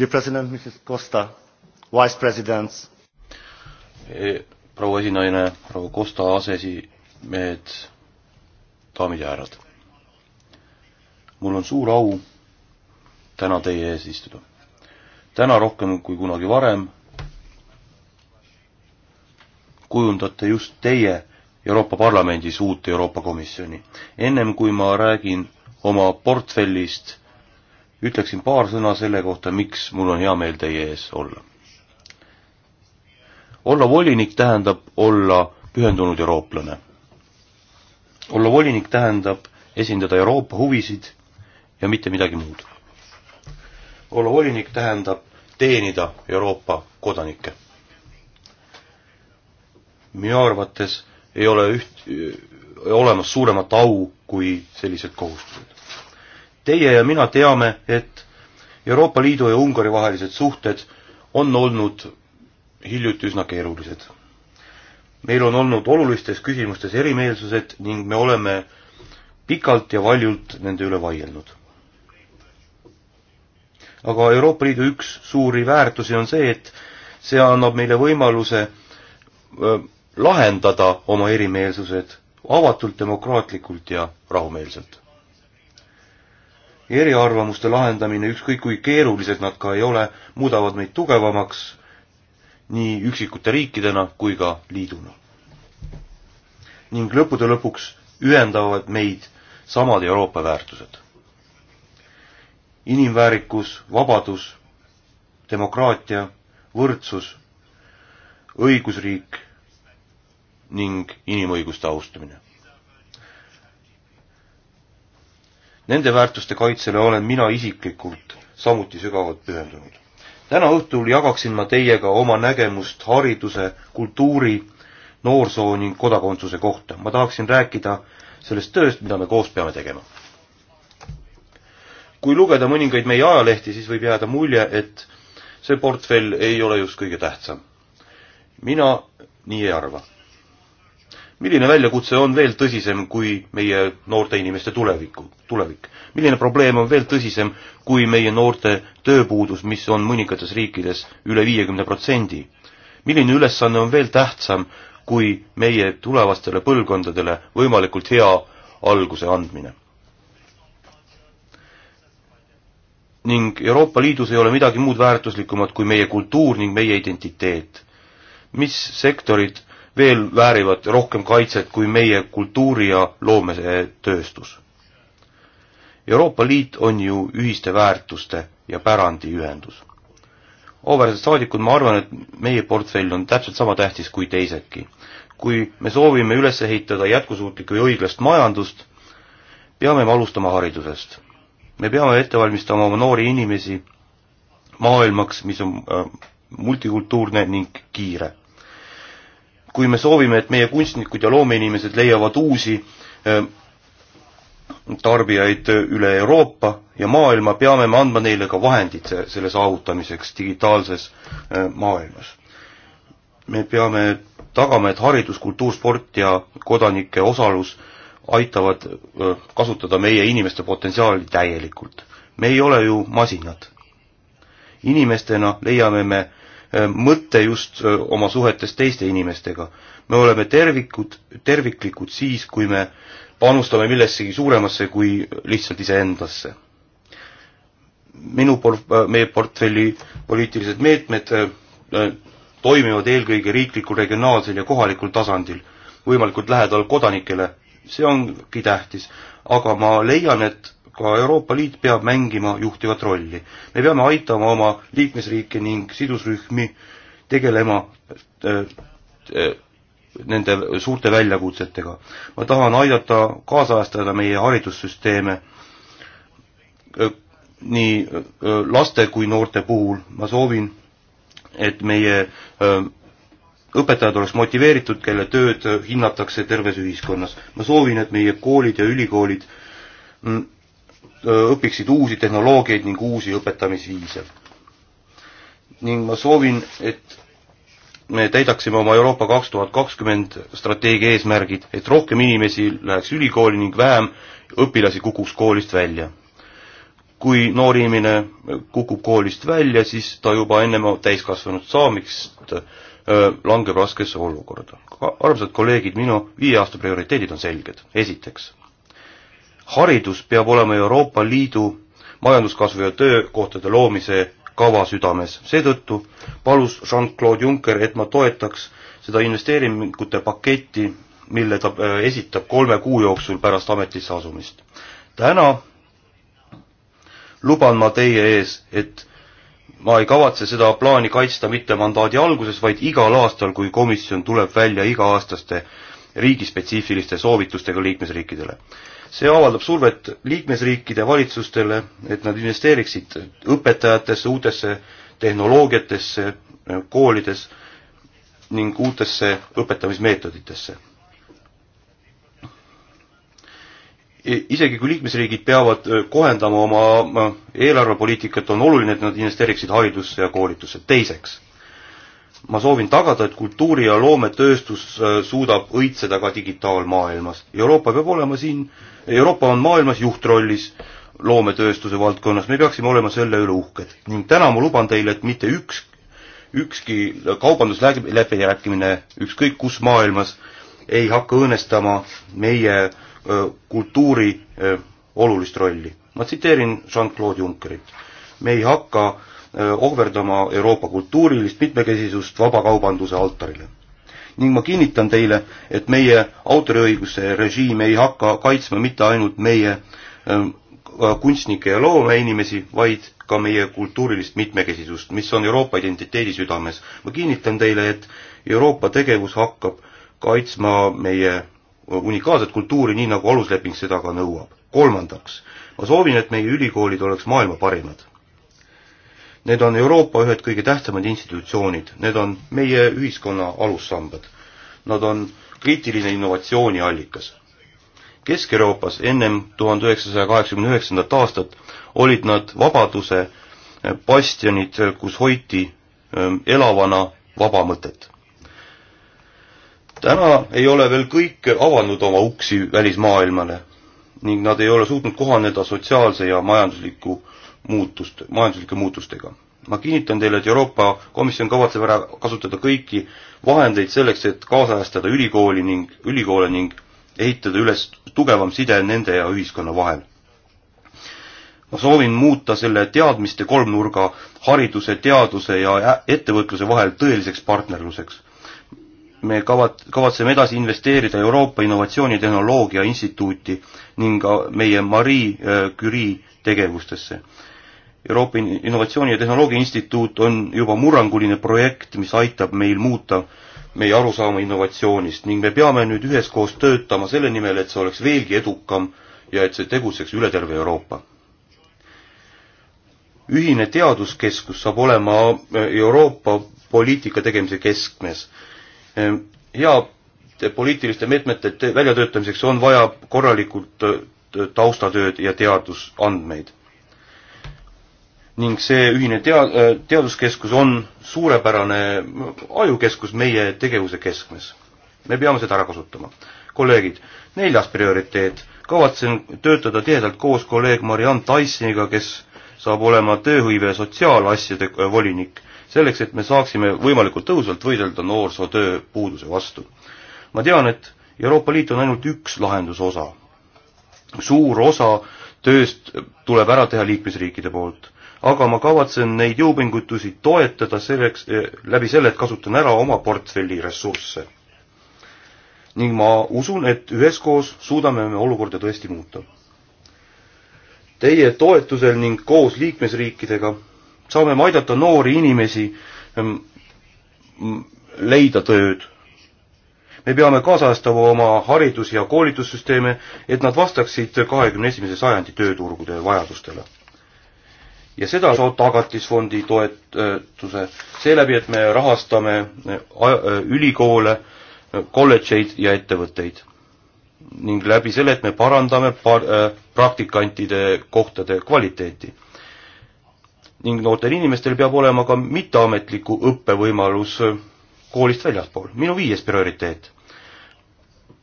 Dear President, Mrs Costa, Vice Presidents. E, proua esinaine, proua Costa, aseesimehed, daamid ja härrad. mul on suur au täna teie ees istuda. täna rohkem kui kunagi varem kujundate just teie Euroopa Parlamendis uut Euroopa Komisjoni. ennem kui ma räägin oma portfellist ütleksin paar sõna selle kohta, miks mul on hea meel teie ees olla. olla volinik tähendab olla pühendunud eurooplane. olla volinik tähendab esindada Euroopa huvisid ja mitte midagi muud. olla volinik tähendab teenida Euroopa kodanikke. minu arvates ei ole üht, olemas suuremat au kui sellised kohustused Teie ja mina teame, et Euroopa Liidu ja Ungari vahelised suhted on olnud hiljuti üsna keerulised. meil on olnud olulistes küsimustes erimeelsused ning me oleme pikalt ja valjult nende üle vaielnud. aga Euroopa Liidu üks suuri väärtusi on see, et see annab meile võimaluse lahendada oma erimeelsused avatult, demokraatlikult ja rahumeelselt eriarvamuste lahendamine, ükskõik kui keerulised nad ka ei ole, muudavad meid tugevamaks nii üksikute riikidena kui ka liiduna. ning lõppude lõpuks ühendavad meid samad Euroopa väärtused. inimväärikus, vabadus, demokraatia, võrdsus, õigusriik ning inimõiguste austamine Nende väärtuste kaitsele olen mina isiklikult samuti sügavalt pühendunud. täna õhtul jagaksin ma teiega oma nägemust hariduse, kultuuri, noorsoo ning kodakondsuse kohta. ma tahaksin rääkida sellest tööst, mida me koos peame tegema. kui lugeda mõningaid meie ajalehti, siis võib jääda mulje, et see portfell ei ole just kõige tähtsam. mina nii ei arva milline väljakutse on veel tõsisem kui meie noorte inimeste tuleviku, tulevik? milline probleem on veel tõsisem kui meie noorte tööpuudus, mis on mõningates riikides üle viiekümne protsendi? milline ülesanne on veel tähtsam kui meie tulevastele põlvkondadele võimalikult hea alguse andmine? ning Euroopa Liidus ei ole midagi muud väärtuslikumat kui meie kultuur ning meie identiteet. mis sektorid veel väärivad rohkem kaitset kui meie kultuuri- ja loometööstus. Euroopa Liit on ju ühiste väärtuste ja pärandi ühendus. auväärsed saadikud, ma arvan, et meie portfell on täpselt sama tähtis kui teisedki. kui me soovime üles ehitada jätkusuutlikku ja õiglast majandust, peame me alustama haridusest. me peame ette valmistama oma noori inimesi maailmaks, mis on äh, multikultuurne ning kiire kui me soovime, et meie kunstnikud ja loomeinimesed leiavad uusi tarbijaid üle Euroopa ja maailma, peame me andma neile ka vahendid selle saavutamiseks digitaalses maailmas. me peame tagama, et haridus, kultuur, sport ja kodanike osalus aitavad kasutada meie inimeste potentsiaali täielikult. me ei ole ju masinad. inimestena leiame me Äh, mõte just äh, oma suhetes teiste inimestega. me oleme tervikud, terviklikud siis, kui me panustame millessegi suuremasse kui lihtsalt iseendasse. minu por-, äh, meie portfelli poliitilised meetmed toimivad eelkõige riiklikul, regionaalsel ja kohalikul tasandil, võimalikult lähedal kodanikele, see ongi tähtis, aga ma leian, et ka Euroopa Liit peab mängima juhtivat rolli. me peame aitama oma liikmesriike ning sidusrühmi tegelema äh, äh, nende suurte väljakutsetega. ma tahan aidata kaasajastada meie haridussüsteeme äh, nii laste kui noorte puhul. ma soovin, et meie õpetajad oleks motiveeritud, kelle tööd hinnatakse terves ühiskonnas. ma soovin, et meie koolid ja ülikoolid mm, õpiksid uusi tehnoloogiaid ning uusi õpetamisviise. ning ma soovin, et me täidaksime oma Euroopa kaks tuhat kakskümmend strateegia eesmärgid, et rohkem inimesi läheks ülikooli ning vähem õpilasi kukuks koolist välja. kui noor inimene kukub koolist välja, siis ta juba ennem täiskasvanud saamist langeb raskesse olukorda. armsad kolleegid, minu viie aasta prioriteedid on selged. esiteks, haridus peab olema Euroopa Liidu majanduskasvu ja töökohtade loomise kava südames. seetõttu palus Jean-Claude Juncker, et ma toetaks seda investeeringute paketti, mille ta äh, esitab kolme kuu jooksul pärast ametisse asumist. täna luban ma teie ees, et ma ei kavatse seda plaani kaitsta mitte mandaadi alguses, vaid igal aastal, kui komisjon tuleb välja iga-aastaste riigispetsiifiliste soovitustega liikmesriikidele. see avaldab survet liikmesriikide valitsustele, et nad investeeriksid õpetajatesse, uutesse tehnoloogiatesse koolides ning uutesse õpetamismeetoditesse. isegi kui liikmesriigid peavad äh, kohendama oma äh, eelarvepoliitikat, on oluline, et nad investeeriksid haridusse ja koolitusse. teiseks ma soovin tagada, et kultuuri- ja loometööstus äh, suudab õitseda ka digitaalmaailmas. Euroopa peab olema siin, Euroopa on maailmas juhtrollis loometööstuse valdkonnas, me peaksime olema selle üle uhked. ning täna ma luban teile, et mitte üks, ükski kaubandusläbirääkimine ükskõik kus maailmas ei hakka õõnestama meie äh, kultuuri äh, olulist rolli. ma tsiteerin Jean-Claude Junckerit. me ei hakka Äh, ohverdama Euroopa kultuurilist mitmekesisust vabakaubanduse altarile. ning ma kinnitan teile, et meie autoriõiguse režiim ei hakka kaitsma mitte ainult meie ähm, kunstnikke ja loomeinimesi, vaid ka meie kultuurilist mitmekesisust, mis on Euroopa identiteedi südames. ma kinnitan teile, et Euroopa tegevus hakkab kaitsma meie unikaalset kultuuri, nii nagu alusleping seda ka nõuab. kolmandaks, ma soovin, et meie ülikoolid oleks maailma parimad. Need on Euroopa ühed kõige tähtsamad institutsioonid, need on meie ühiskonna alussambad. Nad on kriitiline innovatsiooni allikas. Kesk-Euroopas ennem tuhande üheksasaja kaheksakümne üheksandat aastat olid nad vabaduse bastionid, kus hoiti ähm, elavana vaba mõtet. täna ei ole veel kõik avanud oma uksi välismaailmale ning nad ei ole suutnud kohaneda sotsiaalse ja majandusliku muutust, majanduslike muutustega. ma kinnitan teile, et Euroopa Komisjon kavatseb ära kasutada kõiki vahendeid selleks, et kaasajastada ülikooli ning, ülikoole ning ehitada üles tugevam side nende ja ühiskonna vahel. ma soovin muuta selle teadmiste kolmnurga hariduse, teaduse ja ettevõtluse vahel tõeliseks partnerluseks me kavat-, kavatseme edasi investeerida Euroopa Innovatsioonitehnoloogia Instituuti ning äh, meie Marie äh, Curie tegevustesse. Euroopa Innovatsiooni ja Tehnoloogia Instituut on juba murranguline projekt, mis aitab meil muuta meie arusaama innovatsioonist ning me peame nüüd üheskoos töötama selle nimel, et see oleks veelgi edukam ja et see tegutseks üle terve Euroopa. ühine teaduskeskus saab olema äh, Euroopa poliitika tegemise keskmes. Äh, hea poliitiliste meetmete väljatöötamiseks on vaja korralikult äh, taustatööd ja teadusandmeid. ning see ühine tea-, äh, teaduskeskus on suurepärane ajukeskus meie tegevuse keskmes. me peame seda ära kasutama. kolleegid, neljas prioriteet, kavatsen töötada tihedalt koos kolleeg Marianne Taissiniga, kes saab olema tööhõive sotsiaalasjade äh, volinik, selleks et me saaksime võimalikult tõhusalt võidelda noorsootööpuuduse vastu. ma tean, et Euroopa Liit on ainult üks lahenduse osa suur osa tööst tuleb ära teha liikmesriikide poolt. aga ma kavatsen neid jõupingutusi toetada selleks, eh, läbi selle, et kasutan ära oma portfelli ressursse. ning ma usun, et üheskoos suudame me olukorda tõesti muuta. Teie toetusel ning koos liikmesriikidega saame me aidata noori inimesi ehm, leida tööd me peame kaasajastama oma haridus- ja koolitussüsteeme, et nad vastaksid kahekümne esimese sajandi tööturgude vajadustele. ja seda saab Tagatisfondi toetuse seeläbi, et me rahastame äh, äh, ülikoole, äh, kolledžeid ja ettevõtteid. ning läbi selle, et me parandame par-, praktikantide kohtade kvaliteeti ning noortel inimestel peab olema ka mitteametliku õppevõimalus koolist väljaspool. minu viies prioriteet.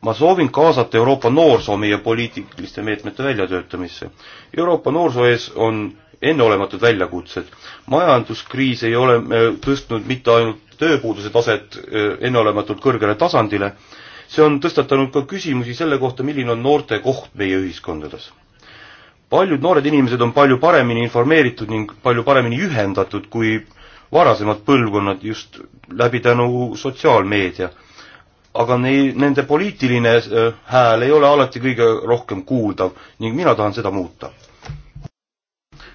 ma soovin kaasata Euroopa noorsoo meie poliitiliste meetmete väljatöötamisse. Euroopa noorsoo ees on enneolematud väljakutsed. majanduskriis ei ole äh, tõstnud mitte ainult tööpuuduse taset äh, enneolematult kõrgele tasandile, see on tõstatanud ka küsimusi selle kohta, milline on noorte koht meie ühiskondades paljud noored inimesed on palju paremini informeeritud ning palju paremini ühendatud kui varasemad põlvkonnad just läbi tänu sotsiaalmeedia. aga neil, nende poliitiline äh, hääl ei ole alati kõige rohkem kuuldav ning mina tahan seda muuta.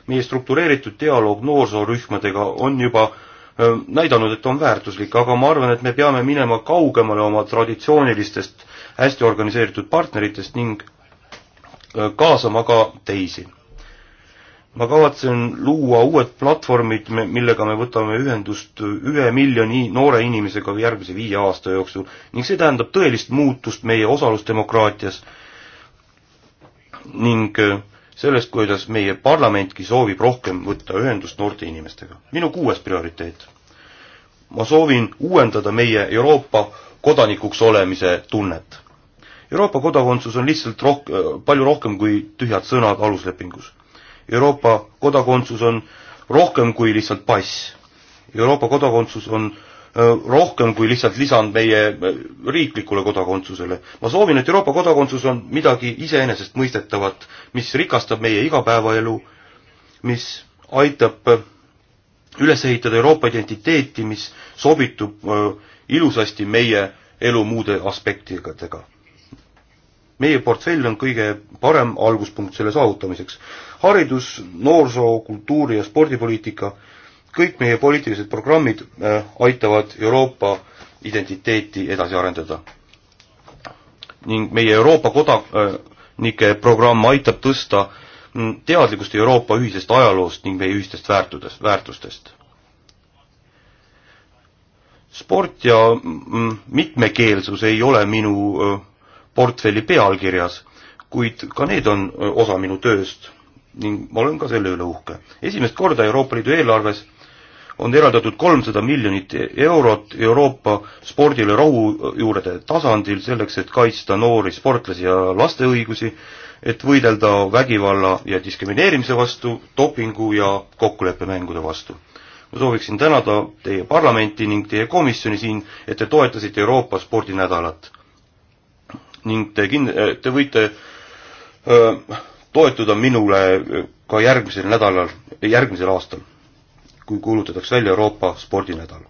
meie struktureeritud dialoog noorsooorühmadega on juba äh, näidanud, et on väärtuslik, aga ma arvan, et me peame minema kaugemale oma traditsioonilistest hästi organiseeritud partneritest ning äh, kaasama ka teisi ma kavatsen luua uued platvormid, millega me võtame ühendust ühe miljoni noore inimesega järgmise viie aasta jooksul ning see tähendab tõelist muutust meie osalusdemokraatias ning äh, sellest, kuidas meie parlamentki soovib rohkem võtta ühendust noorte inimestega. minu kuues prioriteet. ma soovin uuendada meie Euroopa kodanikuks olemise tunnet. Euroopa kodakondsus on lihtsalt roh-, äh, palju rohkem kui tühjad sõnad aluslepingus Euroopa kodakondsus on rohkem kui lihtsalt pass. Euroopa kodakondsus on rohkem kui lihtsalt lisand meie riiklikule kodakondsusele. ma soovin, et Euroopa kodakondsus on midagi iseenesestmõistetavat, mis rikastab meie igapäevaelu, mis aitab üles ehitada Euroopa identiteeti, mis sobitub ilusasti meie elu muude aspektidega meie portfell on kõige parem alguspunkt selle saavutamiseks. haridus, noorsoo, kultuuri ja spordipoliitika, kõik meie poliitilised programmid äh, aitavad Euroopa identiteeti edasi arendada. ning meie Euroopa kodanike programm aitab tõsta mm, teadlikkust Euroopa ühisest ajaloost ning meie ühistest väärtudest, väärtustest sport ja mm, mitmekeelsus ei ole minu äh, portfelli pealkirjas, kuid ka need on osa minu tööst ning ma olen ka selle üle uhke. esimest korda Euroopa Liidu eelarves on eraldatud kolmsada miljonit eurot Euroopa spordile rahujuurede tasandil selleks, et kaitsta noori sportlasi ja laste õigusi, et võidelda vägivalla ja diskrimineerimise vastu, dopingu ja kokkuleppemängude vastu ma sooviksin tänada teie parlamenti ning teie komisjoni siin, et te toetasite Euroopa spordinädalat ning te kind-, eh, te võite öö, eh, toetuda minule eh, ka järgmisel nädalal, järgmisel aastal, kui kuulutatakse välja Euroopa spordinädal.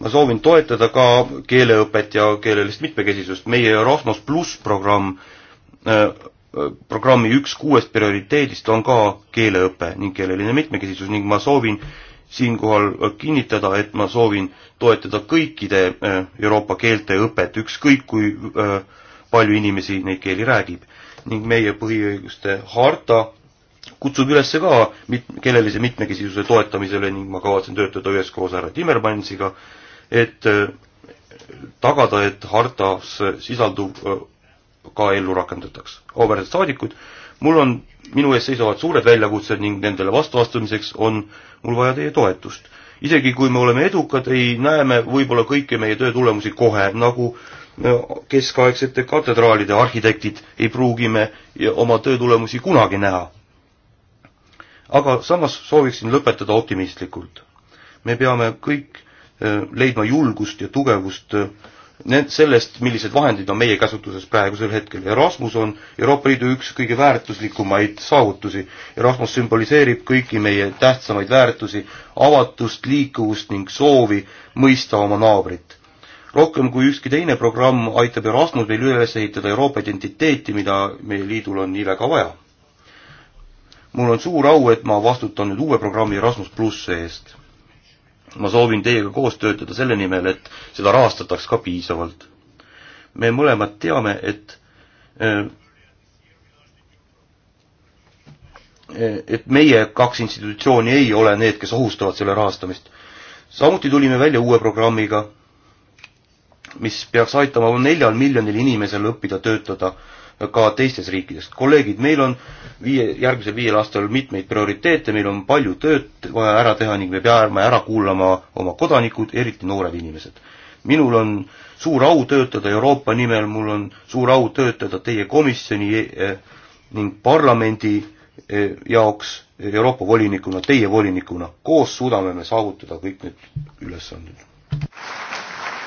ma soovin toetada ka keeleõpet ja keelelist mitmekesisust, meie Erasmus pluss programm, programmi üks kuuest prioriteedist on ka keeleõpe ning keeleline mitmekesisus ning ma soovin siinkohal äh, kinnitada, et ma soovin toetada kõikide äh, Euroopa keelte õpet, ükskõik kui äh, palju inimesi neid keeli räägib. ning meie põhiõiguste harta kutsub üles ka mit-, keelelise mitmekesisuse toetamisele ning ma kavatsen töötada üheskoos härra Timmermansiga, et tagada, et hartas sisalduv ka ellu rakendataks. auväärsed saadikud, mul on, minu ees seisavad suured väljakutsed ning nendele vastu astumiseks on mul vaja teie toetust. isegi kui me oleme edukad, ei näe me võib-olla kõiki meie töö tulemusi kohe, nagu keskaegsete katedraalide arhitektid ei pruugi me oma töö tulemusi kunagi näha. aga samas sooviksin lõpetada optimistlikult. me peame kõik eh, leidma julgust ja tugevust eh, Need, sellest, millised vahendid on meie käsutuses praegusel hetkel. Erasmus on Euroopa Liidu üks kõige väärtuslikumaid saavutusi. Erasmus sümboliseerib kõiki meie tähtsamaid väärtusi, avatust, liikuvust ning soovi mõista oma naabrit. rohkem kui ükski teine programm aitab Erasmus meil üles ehitada Euroopa identiteeti, mida meie liidul on nii väga vaja. mul on suur au, et ma vastutan nüüd uue programmi Erasmus pluss eest ma soovin teiega koos töötada selle nimel, et seda rahastataks ka piisavalt. me mõlemad teame, et äh, äh, et meie kaks institutsiooni ei ole need, kes ohustavad selle rahastamist. samuti tulime välja uue programmiga, mis peaks aitama neljal miljonil inimesel õppida töötada ka teistes riikides. kolleegid, meil on viie, järgmisel viiel aastal mitmeid prioriteete, meil on palju tööd vaja ära teha ning me peame ära kuulama oma kodanikud, eriti noored inimesed. minul on suur au töötada Euroopa nimel, mul on suur au töötada teie komisjoni e, e, ning parlamendi e, jaoks Euroopa volinikuna, teie volinikuna. koos suudame me saavutada kõik need ülesanded.